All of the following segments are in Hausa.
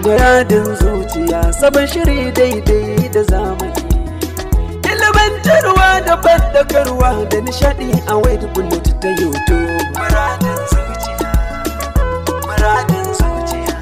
Muradin zuciya sabon shiri daidai da zamani. Ilimantarwa da bandakarwa da nishadi a wayar bullet ta YouTube. Muradin zuciya, muradin zuciya.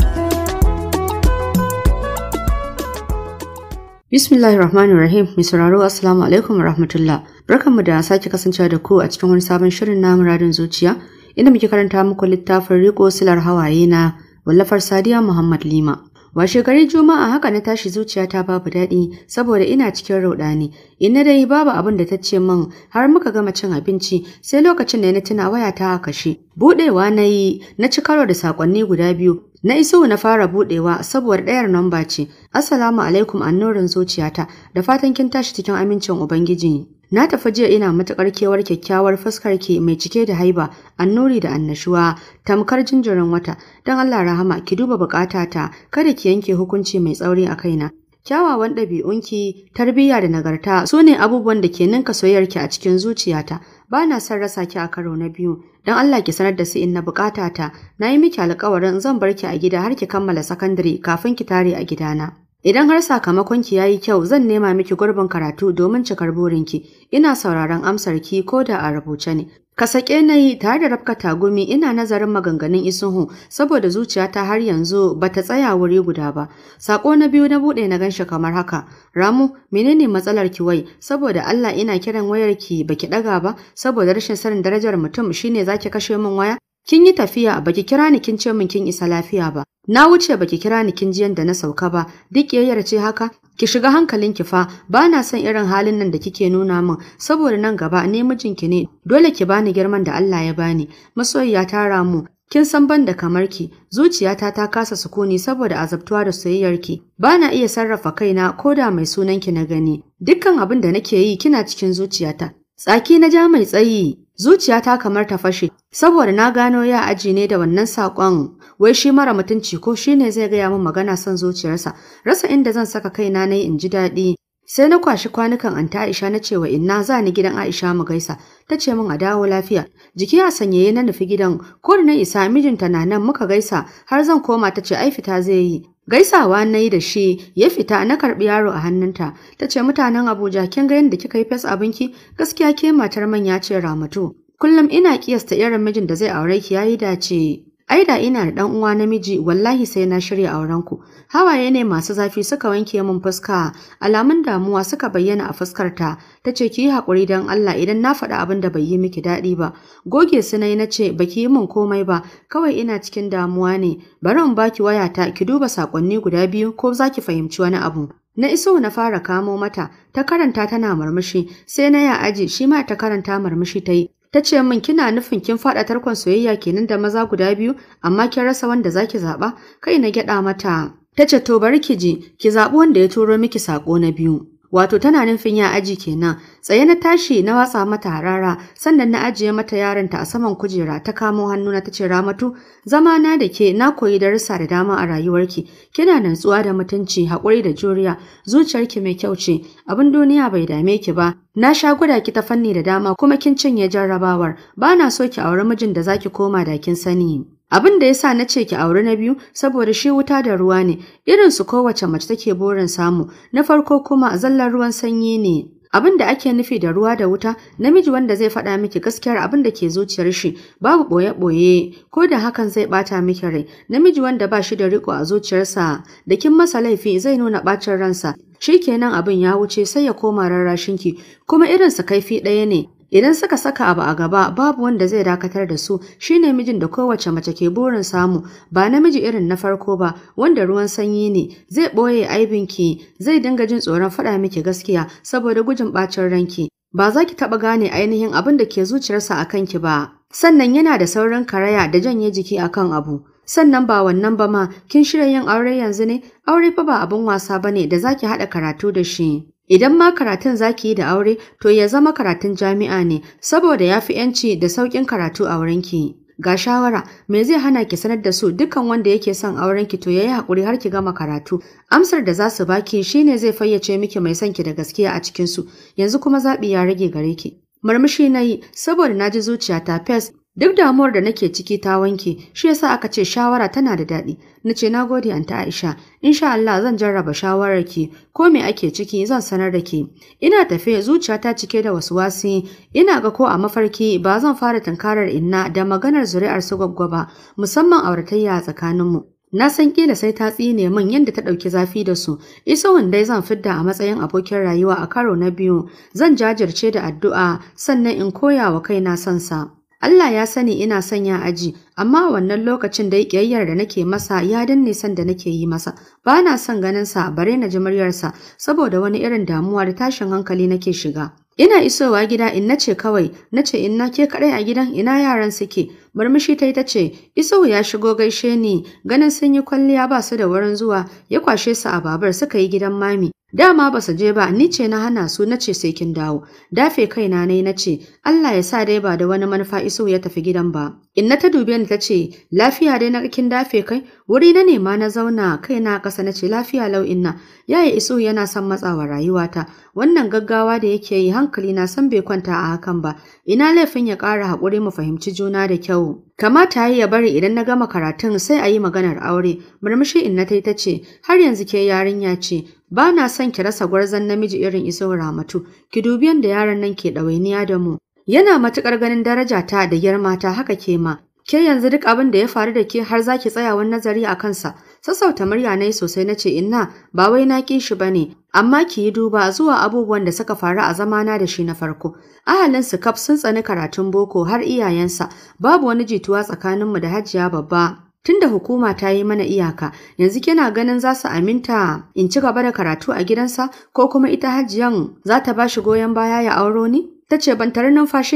Bismillahirrahmanirrahim. Mai sauraro Assalamu alaikum rahmatullah. Barkanmu da sake kasancewa da ku a cikin wani sabon shirin na muradin zuciya. Inda muke karanta muku littafin Riko Silar Hawaye na wallafar Sadiya Muhammad Lima. Washegari Juma'a haka na tashi zuciyata babu daɗi saboda ina cikin rauɗani Ina dai babu abin da ta ce min har muka gama cin abinci sai lokacin da na tuna waya ta kashe. Buɗewa na yi na ci karo da sakonni guda biyu. Na iso na fara buɗewa saboda ɗayar namba ce. Assalamu alaikum annorin zuciyata da fatan kin tashi cikin amincin Ubangiji. Na tafi jiya ina matuƙar kewar kyakkyawar fuskar ki mai cike da haiba, annuri da annashuwa, tamkar jinjirin wata. Don Allah rahama ki duba bukatata kada ki yanke hukunci mai tsauri a kaina. Kyawawan ɗabi'unki, tarbiyya da nagarta su ne abubuwan da ke ninka soyayyarki a cikin zuciyata. Ba na son rasa ki a karo na biyu, don Allah ki sanar da su in na ta, Na yi miki alƙawarin zan bar ki a gida har ki kammala sakandare kafin ki tare a gidana. Idan har sakamakon ki yayi kyau zan nema miki gurbin karatu domin cikar burinki, ina sauraron amsarki ko da a rubuce ne. Ka sake na tare da rafka tagumi ina nazarin maganganun isuhu saboda zuciyata har yanzu bata tsaya wuri guda ba. Sako na biyu na buɗe na ganshi kamar haka. Ramu, menene matsalar ki wai? Saboda Allah ina kiran wayar ki baki ɗaga ba saboda rashin sanin darajar mutum shine zaki kashe min waya? Kin yi tafiya baki kira ni kin ce min kin isa lafiya ba. Na wuce baki kira ni kin ji yanda na sauka ba. Duk yayyar ce haka ki shiga hankalin ki fa ba na son irin halin nan da kike nuna min saboda nan gaba ne mijinki ne dole ki bani girman da Allah ya bani. Masoyiya ta ramu Kin san ban da kamar ki, zuciyata ta kasa sukuni saboda azabtuwa da ki Ba na iya sarrafa kaina ko da mai sunan ki na gani. Dukkan abin da nake yi kina cikin zuciyata. Tsaki na ja mai tsayi. Zuciyata kamar ta fashe, saboda na gano ya aji ne da wannan sakon wai shi mara mutunci ko shi ne zai gaya min magana son zuciyarsa, rasa inda zan saka kaina na yi in ji daɗi. Sai na kwashi kwanukan anta Aisha na cewa inna za ni gidan Aisha mu gaisa, ta ce min a dawo lafiya. Jiki a sanye na nufi gidan, ko na isa mijinta na nan muka gaisa har zan koma ta ce ai fita zai yi. Gaisawa na yi da shi ya fita na karbi yaro a hannunta. Ta ce mutanen Abuja kin ga yadda kika yi fes abinki gaskiya ke matar manya ce Ramatu. Kullum ina kiyasta irin mijin da zai aure ki yayi dace. ai da ina da dan uwa namiji wallahi sai na shirya auren ku hawaye ne masu zafi suka wanke min fuska alamun damuwa suka bayyana a fuskar ta tace ki yi hakuri dan Allah idan na faɗa abin da bai yi miki daɗi ba goge su nayi nace baki yi min komai ba kawai ina cikin damuwa ne bari in baki wayata ki duba sakonni guda biyu ko zaki fahimci wani abu Na iso na fara kamo mata, ta karanta tana murmushi, sai na ya aji shi ma ta karanta murmushi ta yi, Ta ce min kina nufin kin faɗa tarkon soyayya kenan da maza guda biyu amma kin rasa wanda zaki zaɓa kai na gyaɗa mata. Ta ce to bari ki ji ki zaɓi wanda ya turo miki saƙo na biyu. Wato tana nufin ya aji kenan, tsaye na tashi na watsa mata harara, sannan na ajiye mata yaronta a saman kujera ta kamo hannu na tace Ramatu, zama na da ke na koyi darussa da dama a rayuwarki, kina nantsuwa da mutunci, haƙuri da juriya, zuciyarki mai kyau ce, abin duniya bai dame ki ba, Na sha gwada ki ta fanni da dama kuma kin cinye jarrabawar, ba na so ki auri mijin da zaki koma dakin sani. Abin da yasa na ce ki auri na biyu saboda shi wuta da ruwa ne, irin su kowace mace take borin samu, na farko kuma zallar ruwan sanyi ne. Abin da ake nufi da ruwa da wuta, namiji wanda zai faɗa miki gaskiyar abin da ke zuciyar shi, babu ɓoye boye ko da hakan zai ɓata miki rai, namiji wanda ba shi da riko a zuciyarsa, da kin masa laifi zai nuna ɓacin ransa, shi kenan abin ya wuce sai ya koma rarrashinki, kuma irin su kaifi ɗaya ne, Idan suka saka abu a gaba babu wanda zai dakatar da su shine mijin da kowace mace ke burin samu ba namiji irin na farko ba wanda ruwan sanyi ne zai ɓoye aibinki zai dinga jin tsoron faɗa miki gaskiya saboda gujin ɓacin ranki ba za ki taɓa gane ainihin abin da ke zuciyarsa a kanki ba sannan yana da saurin karaya da janye jiki akan abu sannan ba wannan ba ma kin shirya yin aure yanzu ne aure fa ba abin wasa bane da zaki haɗa karatu da shi Idan ma karatun zaki yi da aure, to ya zama karatun jami'a ne, saboda ya fi ‘yanci da sauƙin karatu a wurinki. Ga shawara, me zai hana ki sanar da su dukkan wanda yake son aurenki to ya yi haƙuri har ki gama karatu. Amsar da za su baki ne zai fayyace miki mai son ki da gaskiya a cikinsu, yanzu kuma zaɓi ya rage gare ki. Marmashi na yi, saboda na ji zuciya ta fes Duk damuwar da nake ciki ta wanke, shi yasa aka ce shawara tana da daɗi. Na ce na gode anta Aisha, insha Allah zan jarraba shawarar ki, ko me ake ciki zan sanar da ke. Ina tafe zuciyata cike da wasu wasi, ina ga ko a mafarki ba zan fara tunkarar inna da maganar zuri'ar su ba, musamman auratayya tsakaninmu. Na san kila sai ta tsine min yadda ta ɗauki zafi da su, iso dai zan fidda a matsayin abokin rayuwa a karo na biyu, zan jajirce da addu'a sannan in koya wa kaina sansa. Allah ya sani ina son ya aji, amma wannan lokacin da ƙiyayyar da nake masa ya danne san da nake yi masa. Ba na son ganin sa bare na ji muryarsa saboda wani irin damuwa da tashin hankali nake shiga. Ina isowa gida in ce kawai, nace in na ke kaɗai a gidan ina yaran suke. Murmushi ta yi ta ce, Iso ya shigo gaishe ni, ganin sun yi kwalliya ba su da wurin zuwa, ya kwashe su a babar suka yi gidan mami. Dama ba su je ba, ni ce na hana su na ce sai kin dawo. Dafe kaina ne na ce, Allah ya sa dai ba da wani manufa iso ya tafi gidan ba. Inna ta dube ni ta ce, lafiya dai na kin dafe kai, wuri na nema na zauna kaina na ƙasa na ce lafiya lau inna. Yaya iso yana son matsawa rayuwata, wannan gaggawa da yake yi hankali na san bai kwanta a hakan ba. Ina laifin ya ƙara haƙuri mu fahimci juna da kyau. Kamata ya bari idan na gama karatun sai a yi maganar aure, murmushi inna ta ta ce, har yanzu ke yarinya ce, ba na son ki rasa gwarzon namiji irin iso ramatu, ki dubi yadda yaran nan ke ɗawainiya da mu. Yana matuƙar ganin daraja ta da girma ta haka ke ma, ke yanzu duk abin da ya faru da ke har zaki ki tsayawan nazari a kansa, Sassauta murya na sosai na ce inna ba wai na ƙi shi bane, amma ki yi duba zuwa abubuwan da suka faru a zamana da shi na farko. ahalin su kaf sun tsani karatun boko har iyayensa, babu wani jituwa tsakaninmu da hajiya babba tunda hukuma ta yi mana iyaka yanzu kina ganin za su aminta in ci gaba da karatu a gidansa ko kuma ita hajiyan za ta ba shi goyon baya ya auro ni ta ce ban tare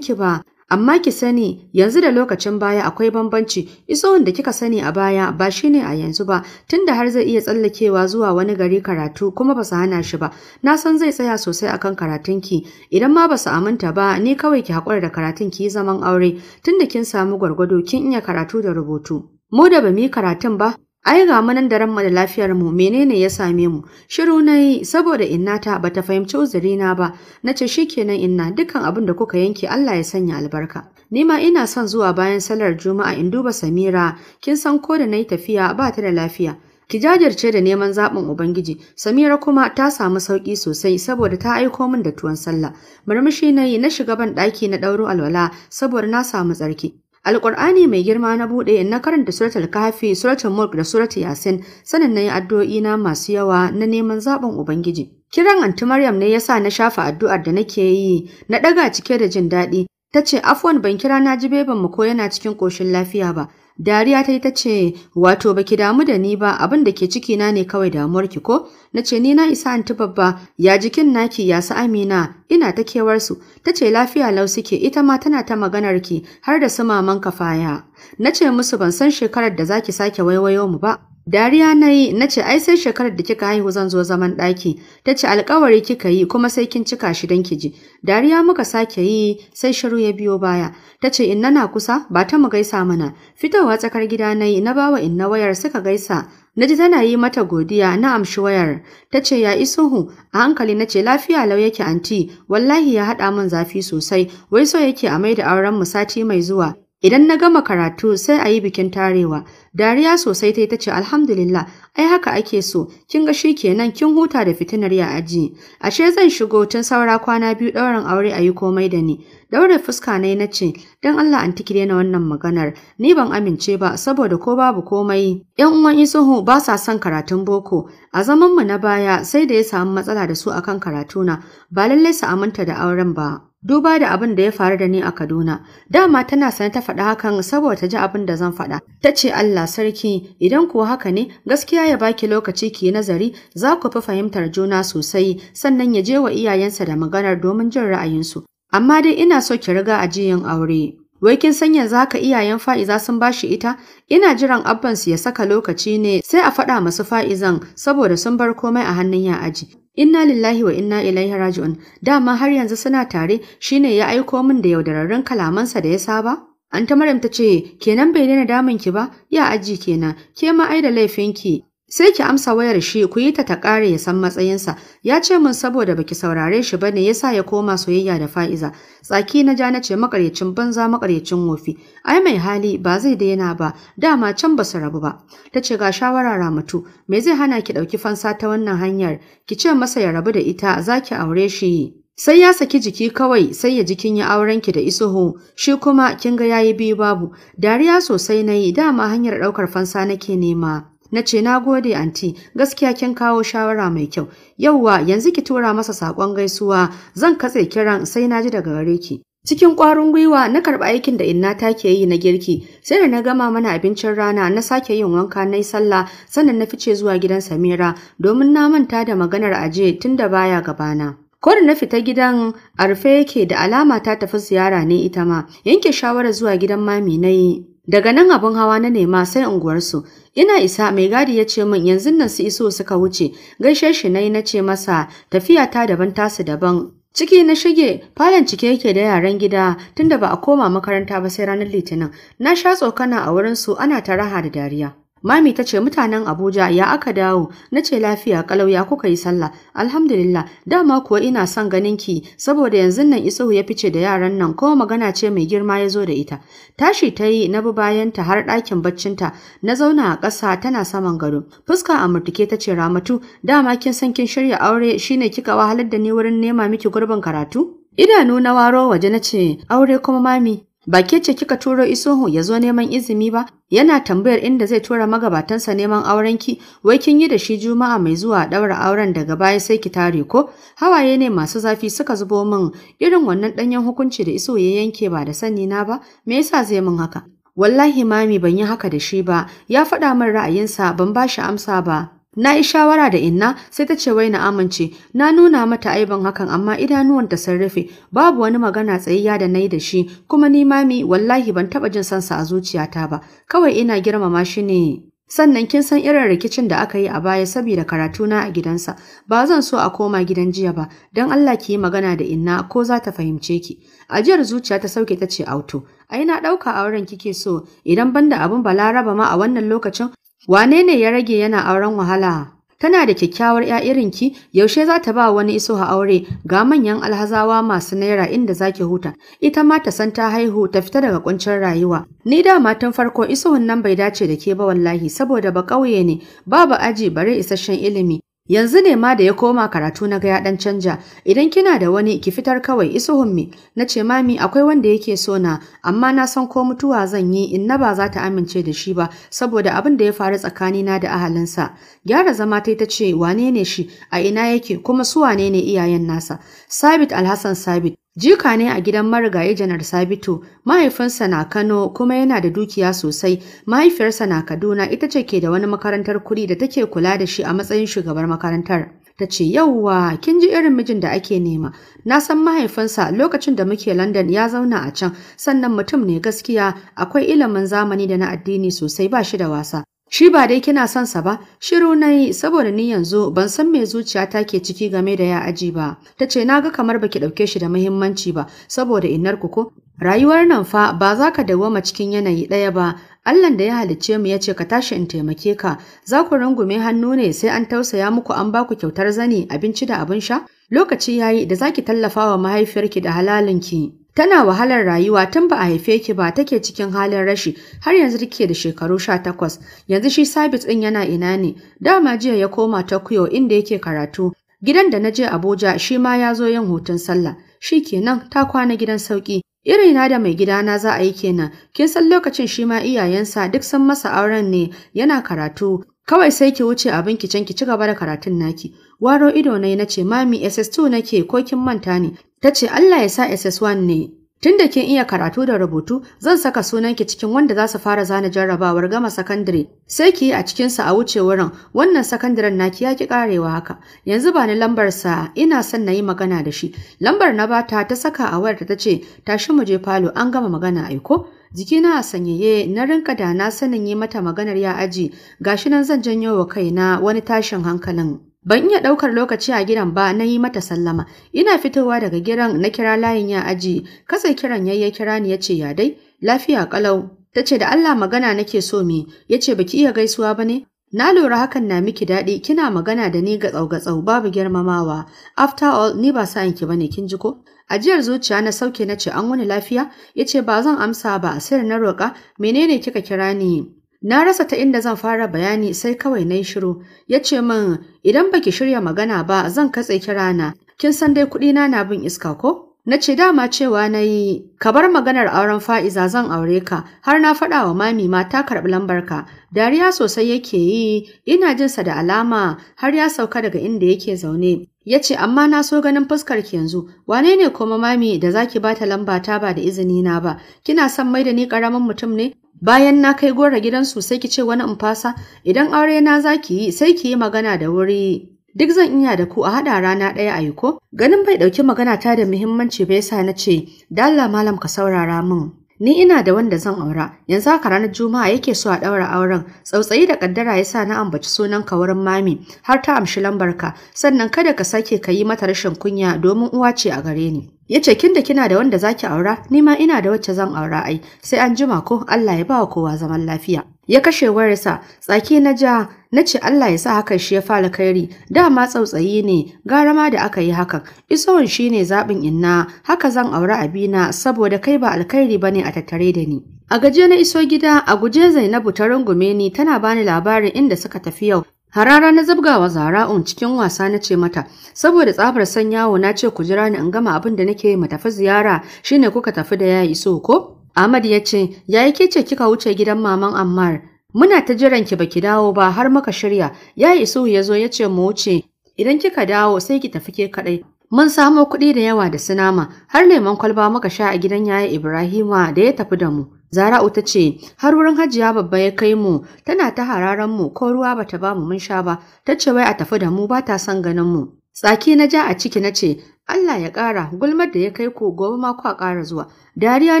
ki ba Amma ki sani yanzu da lokacin baya akwai bambanci, isowan da kika sani a baya ba shi ne a yanzu ba, tunda har zai iya tsallakewa zuwa wani gari karatu kuma ba su hana shi ba. Na san zai tsaya sosai akan karatunki, idan ma ba su aminta ba ni kawai ki haƙura da karatun ki zaman aure, tunda kin samu gwargwado kin iya karatu da rubutu. Mu da ba mu yi karatun ba, ai ga mu da ranmu da lafiyar mu menene ya same mu shiru nayi saboda inna innata bata fahimci uzurina ba nace shikenan inna dukan abin da kuka yanke Allah ya sanya albarka nima ina son zuwa bayan salar juma'a in duba Samira kin san ko da nayi tafiya ba ta da lafiya Ki jajirce da neman zaɓin Ubangiji, Samira kuma ta samu sauƙi sosai saboda ta aiko min da tuwon sallah. Murmushi nayi na shiga ban daki na ɗauro alwala saboda na samu tsarki. Alƙur'ani mai girma na buɗe na karanta suratul kafi, suratul mulk da suratul yasin, sanin na yi addu'o'i na masu yawa na neman zaɓin Ubangiji. Kiran anti Maryam ne yasa na shafa addu'ar da nake yi, na ɗaga cike da jin daɗi. Ta ce, Afwan ban kira na ji beban mu ko yana cikin koshin lafiya ba, Dariya ta yi ta ce, wato "Ba ki damu da ni ba abin da ke cikina ne kawai damuwar ki ko? Na ce ni na isa anti babba ya jikin naki ya su amina ina ta kewarsu. Ta ce lafiya lau suke ita ma tana ta maganar ki har da su maman kafaya. Na ce musu ban san shekarar da zaki sake waiwayo mu ba. Dariya na yi, na ce, ai sai shekarar da kika haihu zan zo zaman ɗaki, ta ce alkawari kika yi kuma sai kin cika shi don ki ji. Dariya muka sake yi, sai shiru ya biyo baya. Ta ce, inna na kusa, ba ta mu gaisa mana. Fitowa tsakar gida na yi, na bawa inna wayar suka gaisa. Na ji tana yi mata godiya na amshi wayar. Ta ce ya iso hu a hankali na ce lafiya lau yake anti wallahi ya haɗa min zafi sosai wai so yake a maida auren mu sati mai zuwa Idan na gama karatu sai a yi bikin tarewa. Dariya sosai ta ta ce alhamdulillah, ai haka ake so, kin ga shi kenan kin huta da fitinar ya aji. Ashe zan shigo tun saura kwana biyu ɗaurin aure a yi komai da ni. Daure fuska na yi na ce, don Allah an tiki na wannan maganar, ni ban amince ba saboda ko babu komai. ‘Yan uwan Isuhu ba sa son karatun boko, a zamanmu na baya sai da ya samu matsala da su akan karatuna, ba lallai su aminta da auren ba. duba da abin da ya faru da ni a Kaduna. Dama tana sani ta faɗa hakan saboda ta ji abin da zan faɗa. Ta ce Allah sarki idan kuwa haka ne gaskiya ya baki lokaci ki nazari za ku fi fahimtar juna sosai sannan ya je wa iyayensa da maganar domin jin ra'ayinsu. Amma dai ina so ki riga a ajiyin aure. Wai kin san yanzu haka iyayen Fa'iza sun bashi ita? Ina jiran abban su ya saka lokaci ne sai a faɗa masu Fa'izan saboda sun bar komai a hannun ya aji. Inna lillahi wa inna ilaihi raji'un. Dama har yanzu suna tare shine ya aiko min da yaudararren kalamansa da ya saba? Anta Maryam ta ce, "Kenan bai daina damun ki ba? Ya aji kenan. Ke ma ai da laifinki." sai ki amsa wayar shi ku yi ta ta ƙare ya san matsayinsa ya ce min saboda baki saurare shi bane yasa ya koma soyayya da fa'iza tsaki na ja na ce makaryacin banza makaryacin wofi ai mai hali ba zai daina ba dama can ba su rabu ba ta ce ga shawara ramatu me zai hana ki ɗauki fansa ta wannan hanyar ki ce masa ya rabu da ita za ki aure shi Sai ya saki jiki kawai sai ya jikin ya aurenki da isuhu, shi kuma kin ga yayi biyu babu, dariya sosai nayi, dama hanyar ɗaukar fansa nake nema. Na ce, na gode anti, gaskiya kin kawo shawara mai kyau. Yauwa, yanzu ki tura masa sakon gaisuwa, zan katse kiran sai na ji daga gare ki. Cikin ƙwarin gwiwa na karba aikin da inna ta ke yi na girki, sai da na gama mana abincin rana na sake yin wanka na yi sallah sannan na fice zuwa gidan Samira domin na manta da maganar aje tun da baya gabana. Ko da na fita gidan arfe yake da alama ta tafi ziyara ne ita ma, yanke shawarar zuwa gidan mami na yi Daga nan abin hawa na nema sai unguwarsu. Ina isa mai gadi ya ce min yanzun nan su iso suka wuce, gaishe shi na yi na ce masa tafiya ta daban tasu daban. Ciki na shige, falon cike yake da yaran gida tunda ba a koma makaranta ba sai ranar Litinin. Na sha tsokana a wurin su ana ta raha da dariya. Mami ta ce mutanen Abuja ya aka dawo, na ce lafiya kalau ya kuka yi sallah, alhamdulillah dama kuwa ina son ganin ki saboda yanzu nan Isuhu ya fice da yaran nan ko magana ce mai girma ya zo da ita. Tashi ta yi na bi bayanta har ɗakin baccinta, na zauna a ƙasa tana saman gado. Fuska a murtuke ta ce Ramatu, dama kin san kin shirya aure shine kika wahalar da ni wurin nema miki gurbin karatu? Idanu na waro waje na ce, aure kuma mami, Ba ke ce kika turo Isoho ya zo neman izini ba, yana tambayar inda zai tura magabatansa neman aurenki, wai kin yi da shi Juma'a mai zuwa ɗaura auren daga baya sai ki tare ko? Hawaye ne masu zafi suka zubo min irin wannan ɗanyen hukunci da Iso ya yanke ba da sani na ba, me yasa zai min haka? Wallahi mami ban yi haka da shi ba, ya faɗa min ra'ayinsa ban ba shi amsa ba, Na yi shawara da inna sai ta ce wai na amince, na nuna mata aiban hakan amma ta ta rufe, babu wani magana tsayayya da nayi da shi, kuma ni mami wallahi ban taba jin san sa a zuciyata ba, kawai ina girmama shi ne. Sannan kin san irin rikicin da aka yi a baya saboda karatuna a gidansa, ba zan so a koma gidan jiya ba, dan Allah ki yi magana da inna ko za ta fahimce ki. Ajiyar zuciya ta sauke ta ce auto, ai na ɗauka auren kike so, idan banda abin balaraba ma a wannan lokacin Wane ne ya rage yana auren wahala? Tana da kyakkyawar ‘ya irinki, yaushe za ta ba wani iso a aure ga manyan alhazawa masu naira inda za ki huta, ita ma ta san ta haihu ta fita daga kuncin rayuwa. Ni da matan farko isohun nan bai dace da ke ba wallahi saboda ba ƙauye ne, babu aji bare isasshen ilimi, Yanzu ne ma da ya koma karatu na ga ya dan canja, idan kina da wani ki fitar kawai isu hummi, na ce mami akwai wanda yake so na, amma na san ko mutuwa zan yi in na ba za ta amince da shi ba, saboda abin da ya faru tsakani na da ahalinsa. Gyara zama ta ta ce wane ne shi, a ina yake kuma su wane ne iyayen nasa. Sabit Alhassan Sabit, Jika ne a gidan marigayi Janar Sabitu, mahaifinsa na Kano kuma yana da dukiya sosai, mahaifiyarsa na Kaduna ita ce ke da wani makarantar kuɗi da take kula da shi a matsayin shugabar makarantar. Ta ce, Yauwa, kin ji irin mijin da ake nema, na san mahaifinsa lokacin da muke London ya zauna a can, sannan mutum ne gaskiya akwai ilimin zamani da na addini sosai ba shi da wasa. Shi ba dai kina son sa ba, shiru nayi saboda ni yanzu ban san me zuciyata ke ciki game da ya aji ba. tace ce na ga kamar baki ɗauke shi da muhimmanci ba, saboda innar ku ko. Rayuwar nan fa ba za ka dawwama cikin yanayi ɗaya ba, Allahn da ya halicce mu ya ce ka tashi in taimake ka, za ku rungume hannu ne sai an tausaya muku an ba ku kyautar zani, abinci da abin sha? Lokaci yayi da za ki tallafa wa mahaifiyarki da halalinki. Tana wahalar rayuwa tun ba a haife ki ba take cikin halin rashi har yanzu take da shekaru sha takwas. yanzu shi sabis ɗin yana ina ne dama jiya ya koma Tokyo inda yake karatu gidan da na je Abuja shi ma ya zo yin hoton sallah shi kenan ta kwana gidan sauki irina da mai gidana za a yi kenan kin san lokacin shi ma iyayensa duk san masa auren ne yana karatu kawai sai ki wuce abin ki can ki ci gaba da karatun naki waro ido na ce, mami ss2 nake ko kin manta ne Ta ce Allah ya sa SS1 ne. Tun da kin iya karatu da rubutu, zan saka sunanki cikin wanda za su fara zana jarrabawar gama sakandare. Sai ki yi a cikinsa a wuce wurin, wannan sakandaren naki ya ki karewa haka. Yanzu ba ni lambarsa, ina son na yi magana da shi. Lambar na bata ta saka a wayarta ta ce, tashi mu je falo an gama magana aiko. jikina a sanyaye na rinka da na sanin yi mata maganar ya aji gashi nan zan janyo wa kaina wani tashin hankalin Ban iya ɗaukar lokaci a gidan ba na yi mata sallama. Ina fitowa daga gidan na kira layin ya aji, kasa kiran ya kira ni ya ce ya dai, lafiya ƙalau. Ta ce da Allah magana nake so me, ya ce baki iya gaisuwa ba ne? Na lura hakan na miki daɗi, kina magana da ni gatsau-gatsau babu girmamawa. After all, ni ba sa yanki ki ne, kin ji ko? Ajiyar zuciya na sauke na ce an wani lafiya, ya ce ba zan amsa ba, sir na roƙa, menene kika kira ni? Na rasa ta inda zan fara bayani sai kawai na yi shiru, ya ce min idan baki shirya magana ba zan katse kirana, kin san dai kuɗina na bin iska ko? Na ce dama cewa na yi, ka bar maganar auren fa'iza zan aure ka, har na faɗa wa mami ma ta karɓi lambarka, dariya sosai yake yi, ina jinsa da alama har ya sauka daga inda yake zaune. Ya ce, amma na so ganin fuskar ki yanzu, wane ne kuma mami da za ki bata lamba ta ba da izini na ba, kina son mai da ni ƙaramin mutum ne? Bayan na kai gora gidansu sai ki ce wani in fasa, idan aure na za yi sai ki yi magana da wuri duk zan iya da ku a haɗa rana ɗaya a yi ko? Ganin bai ɗauki magana ta da muhimmanci ba yasa na ce, Dalla malam ka saurara min. Ni ina da wanda zan aura, yanzu haka ranar Juma'a yake so a ɗaura auren, tsautsayi da ƙaddara ya sa na ambaci ka wurin mami har ta amshi lambarka, sannan kada ka sake ka yi mata rashin kunya domin uwa ce a gare ni. Ya ce kin da kina da wanda zaki aura, ni ma ina da wacce zan aura ai, sai an jima ko Allah ya ba kowa zaman lafiya. ya kashe wayarsa tsaki na ja na ce Allah ya sa hakan shi ya fara kairi dama tsautsayi ne gara ma da aka yi hakan isowan shi ne zaɓin inna haka zan aure abina saboda kai ba alkhairi bane a tattare da ni a gaje na iso gida a guje Zainabu ta rungume ni tana bani labarin inda suka tafi yau Harara na zabgawa zara'un cikin wasa na ce mata, saboda tsabar son yawo na ce ku jira ni in gama abin da nake mu tafi ziyara shine kuka tafi da ya iso ko? Ahmad ya ce, "Yayi ke ce kika wuce gidan maman Ammar, muna ta jiran ki baki dawo ba har muka shirya." Yayi Isuhu ya zo ya ce mu wuce, "Idan kika dawo sai ki tafi ke kaɗai." Mun samo kuɗi da yawa da sinama, har neman kwalba muka sha a gidan yayi Ibrahima da ya tafi da mu. Zara'u ta ce, har wurin hajiya babba ya kai mu, tana ta hararan mu ko ruwa bata ba mu mun sha ba, ta ce wai a tafi da mu ba ta son ganin mu. Tsaki na ja a ciki na ce, Allah ya ƙara gulmar da ya kai ko gobe ma kwa ƙara zuwa. Dariya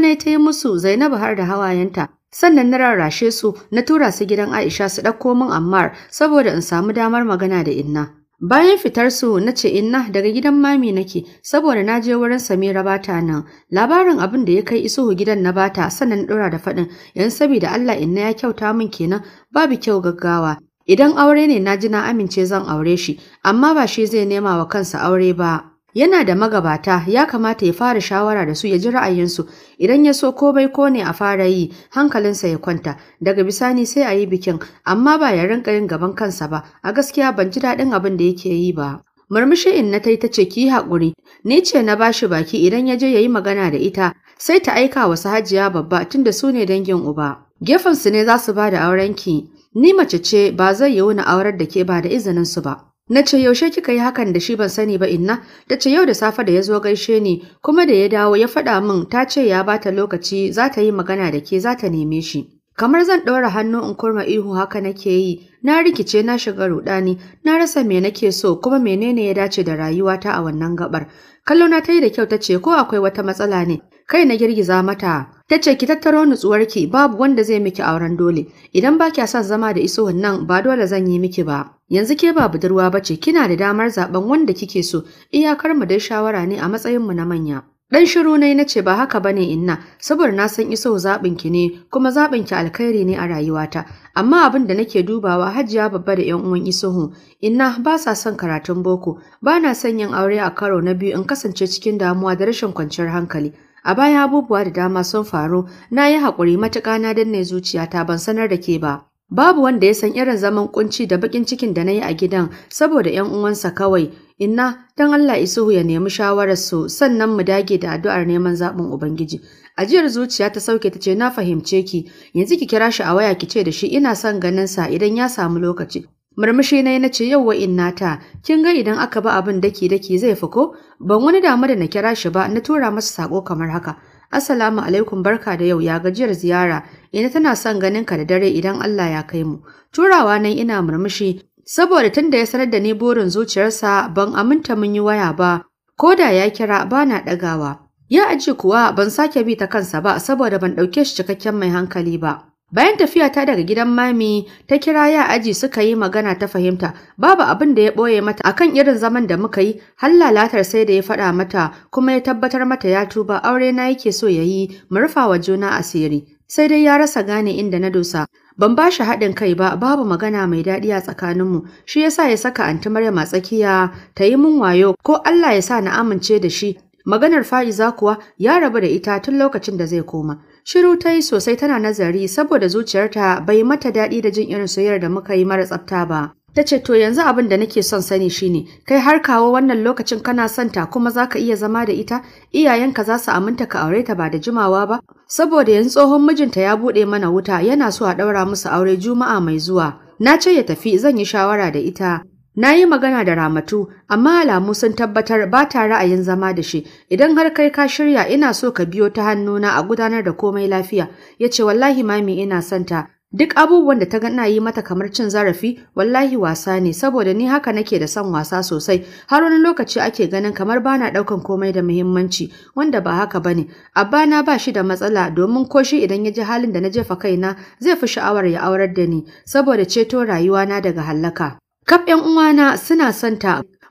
ne ta yi musu Zainabu har da hawayenta. Sannan na rarrashe su na tura su gidan Aisha su ɗauko min Ammar saboda in samu damar magana da Inna. Bayan fitar su na ce inna daga gidan mami nake saboda na je wurin Samira bata nan. Labarin abin da ya kai isuhu gidan na bata sannan na ɗora da faɗin yan saboda Allah inna ya kyauta min kenan babu kyau gaggawa. Idan aure ne na ji na amince zan aure shi amma ba shi zai nema wa kansa aure ba. Yana da magabata ya kamata ya fara shawara da su ya ji ra'ayinsu idan ya so komai ko ne a fara yi hankalinsa ya kwanta daga bisani sai a yi bikin amma ba ya rinka yin gaban kansa ba a gaskiya ban ji daɗin abin da yake yi ba. Murmushi in na tai ta ce ki haƙuri ni ce na bashi baki idan ya je ya yi magana da ita sai ta aika wa hajiya babba tunda su ne dangin uba. Gefensu ne za su ba da aurenki ni mace ce ba zai yiwu na aurar da ke ba da izinin su ba. Na ce yaushe kika yi hakan da shi ban sani ba inna, ta ce yau da safe da ya zo gaishe ni kuma da ya dawo ya faɗa min ta ce ya bata lokaci za ta yi magana da ke za ta neme shi. Kamar zan ɗora hannu in kurma ihu haka nake yi, na rikice na shiga ruɗani, na rasa me nake so kuma menene ya dace da rayuwata a wannan gabar. Kallo na ta yi da kyau ta ce ko akwai wata matsala ne, kai na girgiza mata ta ce ki tattaro nutsuwarki babu wanda zai miki auren dole idan ba kya son zama da iso nan, ba dole zan yi miki ba yanzu ke ba budurwa bace kina da damar zaben wanda kike so iyakar mu dai shawara ne a matsayin mu na manya Dan shiru na nace ba haka bane inna saboda na san iso zabin ki ne kuma zaɓin ki alkhairi ne a rayuwata amma abin da nake dubawa Hajiya babba da 'yan uwan Isuhu inna ba sa son karatun boko ba na son yin aure a karo na biyu in kasance cikin damuwa da rashin kwanciyar hankali a baya abubuwa da dama sun faru na yi haƙuri matuƙa na danne zuciyata ban sanar da ke ba Babu wanda ya san irin zaman kunci da bakin cikin da na yi a gidan saboda ‘yan uwansa kawai, inna don Allah isuhu ya nemi shawararsu sannan mu dage da addu'ar neman zaɓin Ubangiji. Ajiyar zuciya ta sauke ta ce na fahimce ki, yanzu ki kira shi a waya ki ce da shi ina son ganin sa idan ya samu lokaci. Murmushi na na ce yauwa inna ta, kin ga idan aka ba abin daki daki zai fi ko? Ban wani damu da na kira shi ba na tura masa sako kamar haka. Assalamu alaikum barka da yau ya gajiyar ziyara ina tana son ganin ka da dare idan Allah ya kai mu. Turawa nan ina murmushi saboda tunda ya sanar da ni burin zuciyarsa ban aminta mun yi waya ba ko da ya kira bana ɗagawa. Ya aji kuwa ban sake bi ta kansa ba saboda ban ɗauke shi cikakken mai hankali ba. Bayan tafiya ta daga gidan mami, ta kira ya aji suka yi magana ta fahimta, babu abin da ya ɓoye mata akan irin zaman da muka yi, har lalatar sai da ya faɗa mata kuma ya tabbatar mata ya tuba aure na yake so ya yi, mu rufa wa juna asiri. Sai dai ya rasa gane inda na dosa, ban ba shi haɗin kai ba babu magana mai daɗi a tsakaninmu, shi yasa ya saka anti Maryam a tsakiya ta yi mun wayo ko Allah ya sa na amince da shi. Maganar Fa'iza kuwa ya rabu da ita tun lokacin da zai koma. Shiru ta yi sosai tana nazari saboda zuciyarta bai mata daɗi da jin irin soyayyar da muka yi mara tsafta ba. Ta ce to yanzu abin da nake son sani shine kai har kawo wannan lokacin kana son kuma za ka iya zama da ita iyayenka za su aminta ka aure ta ba da jimawa ba saboda yanzu tsohon mijinta ya buɗe mana wuta yana so a ɗaura musu aure juma'a mai zuwa. Na ce ya tafi zan yi shawara da ita Na yi magana da Ramatu, amma alamu sun tabbatar ba ta ra'ayin zama da shi, idan har kai ka shirya ina so ka biyo ta hannuna a gudanar da komai lafiya, ya ce wallahi mami ina santa. Duk abubuwan da ta gana yi mata kamar cin zarafi, wallahi wasa ne, saboda ni haka nake da son wasa sosai, har wani lokaci ake ganin kamar bana ɗaukan komai da muhimmanci, wanda ba haka ba ne. Abba na ba shi da matsala domin ko shi idan ya ji halin da na jefa kaina zai fi sha'awar ya aurar da ni, saboda ceto rayuwana daga hallaka. Kaf ‘yan uwana suna son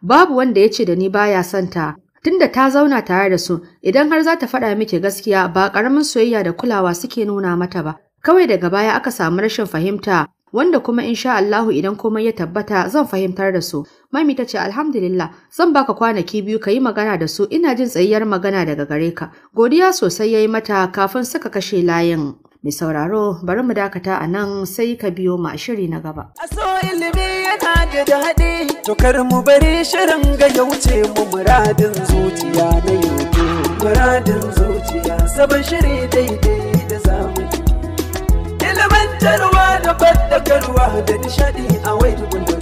babu wanda ya ce da ni baya son Tunda ta zauna tare da su, idan har za ta faɗa miki gaskiya ba ƙaramin soyayya da kulawa suke nuna mata ba. Kawai daga baya aka samu rashin fahimta, wanda kuma insha Allahu idan komai ya tabbata zan fahimtar da su. Mami ta ce alhamdulillah zan baka kwanaki biyu ka yi magana da su ina jin tsayiyar magana daga gare ka. Godiya sosai ya yi mata kafin suka kashe layin. Mai sauraro bari mu dakata a nan sai ka biyo ma shiri na gaba. A so ilimi yana da daɗi, to kar mu bari shirin ga ya wuce mu muradin zuciya na yau. Muradin zuciya sabon shiri daidai da zamani. Ilimantarwa da fadakarwa da nishaɗi a wai